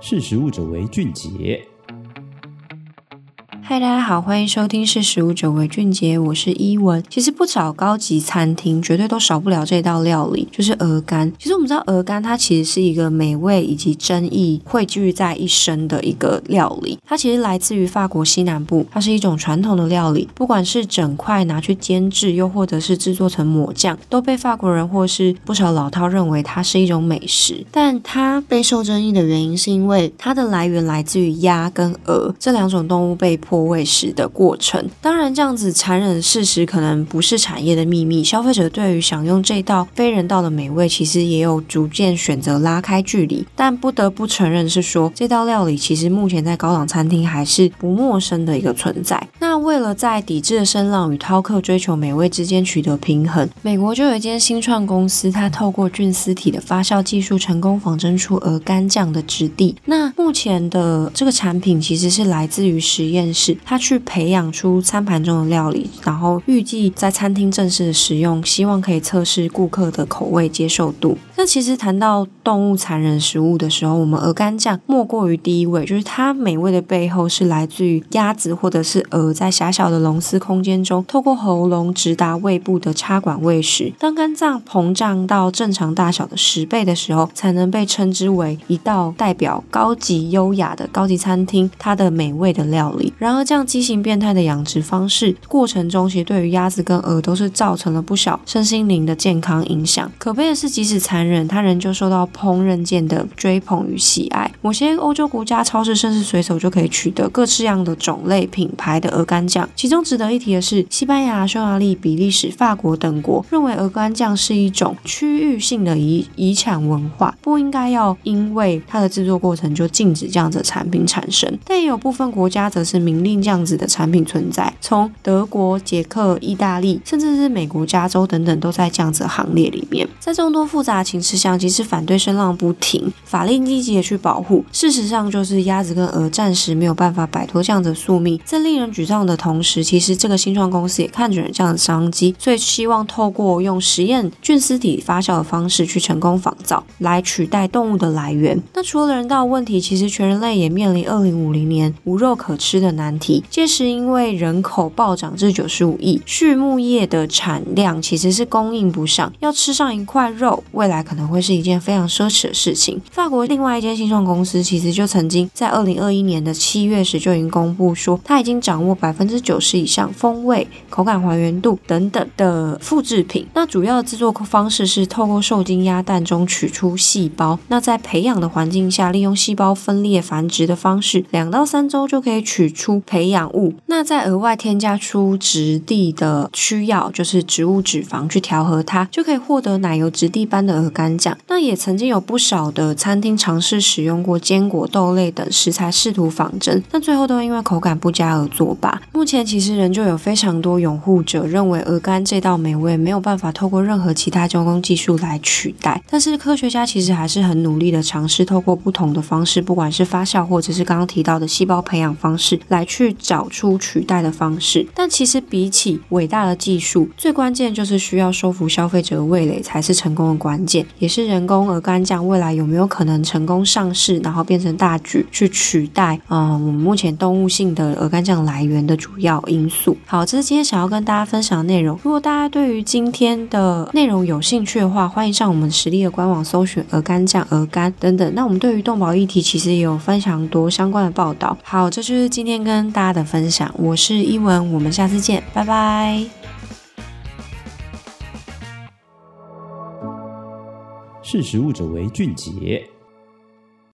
識食物者為俊傑。嗨，大家好，歡迎收聽識食物者為俊傑，我是依文。其實不少高級餐廳絕對都少不了這道料理，就是鵝肝。其實我們知道，鵝肝它其實是一個美味以及爭議匯聚在一身的一個料理。它其實來自於法國西南部，它是一種傳統的料理。不管是整塊拿去煎製，又或者是製作成抹醬，都被法國人或是不少老饕認為它是一種美食。但它備受爭議的原因，是因為它的來源來自於鴨跟鵝這兩種動物被迫。餵食，食的過程，當然這樣子殘忍的事實可能不是產業的秘密，消費者對於享用這道非人道的美味，其實也有逐漸選擇拉開距離。但不得不承認，是說這道料理其實目前在高檔餐廳還是不陌生的一個存在。那為了在抵制的聲浪與饕客追求美味之間取得平衡，美國就有一間新創公司，它透過菌絲體的發酵技術，成功仿真出鵝肝醬的質地。那目前的這個產品其實是來自於實驗室。他去培養出餐盤中的料理，然後預計在餐廳正式的使用，希望可以測試顧客的口味接受度。那其實談到動物殘忍食物的時候，我們鵝肝醬莫過於第一位，就是它美味的背後是來自於鴨子或者是鵝在狹小的籠子空間中，透過喉嚨直達胃部的插管餵食。當肝臟膨脹到正常大小的十倍的時候，才能被稱之為一道代表高級優雅的高級餐廳它的美味的料理。然而，這樣畸形變態的養殖方式過程中，其實對於鴨子跟鵝都是造成了不小身心靈的健康影響。可悲的是，即使殘忍。他仍舊受到烹飪界的追捧與喜愛。某些歐洲國家超市甚至隨手就可以取得各式樣的種類、品牌的鵝肝醬。其中值得一提的是，西班牙、匈牙利、比利時、法國等國認為鵝肝醬是一種區域性的遺遺產文化，不應該要因為它的制作過程就禁止這樣子的產品產生。但也有部分國家則是明令這樣子的產品存在，從德國、捷克、意大利，甚至是美國加州等等，都在這樣子的行列裡面。在眾多複雜情。吃相，其實反對聲浪不停，法令積極的去保護。事實上，就是鴨子跟鵝暫時沒有辦法擺脫這樣的宿命。在令人沮喪的同時，其實這個新創公司也看準了這樣的商機，所以希望透過用實驗菌絲體發酵的方式去成功仿造，來取代動物的來源。那除了人道問題，其實全人類也面臨二零五零年無肉可吃的難題。屆時因為人口暴漲至九十五億，畜牧業的產量其實是供應不上，要吃上一塊肉，未來。可能會是一件非常奢侈的事情。法國另外一間新創公司其實就曾經在二零二一年的七月時就已經公布說，它已經掌握百分之九十以上風味、口感還原度等等的複製品。那主要的制作方式是透過受精鴨蛋中取出細胞，那在培養的環境下，利用細胞分裂繁殖的方式，兩到三周就可以取出培養物。那再額外添加出質地的需要，就是植物脂肪去調和它，就可以獲得奶油質地般的。肝醬，那也曾經有不少的餐廳嘗試使用過堅果、豆類等食材試圖仿真，但最後都因為口感不佳而作罷。目前其實仍舊有非常多擁護者認為鵝肝這道美味沒有辦法透過任何其他加工技術來取代。但是科學家其實還是很努力的嘗試透過不同的方式，不管是發酵或者是剛剛提到的細胞培養方式，來去找出取代的方式。但其實比起偉大的技術，最關鍵就是需要收服消費者的味蕾才是成功的關鍵。也是人工鵝肝醬未來有沒有可能成功上市，然後變成大局去取代，嗯，我們目前動物性的鵝肝醬來源的主要因素。好，這是今天想要跟大家分享的內容。如果大家對於今天的內容有興趣的話，歡迎上我們食力的官網搜尋鵝肝醬、鵝肝等等。那我們對於動保議題其實也有非常多相關的報道。好，這就是今天跟大家的分享。我是依文，我們下次見，拜拜。識時務者為俊傑。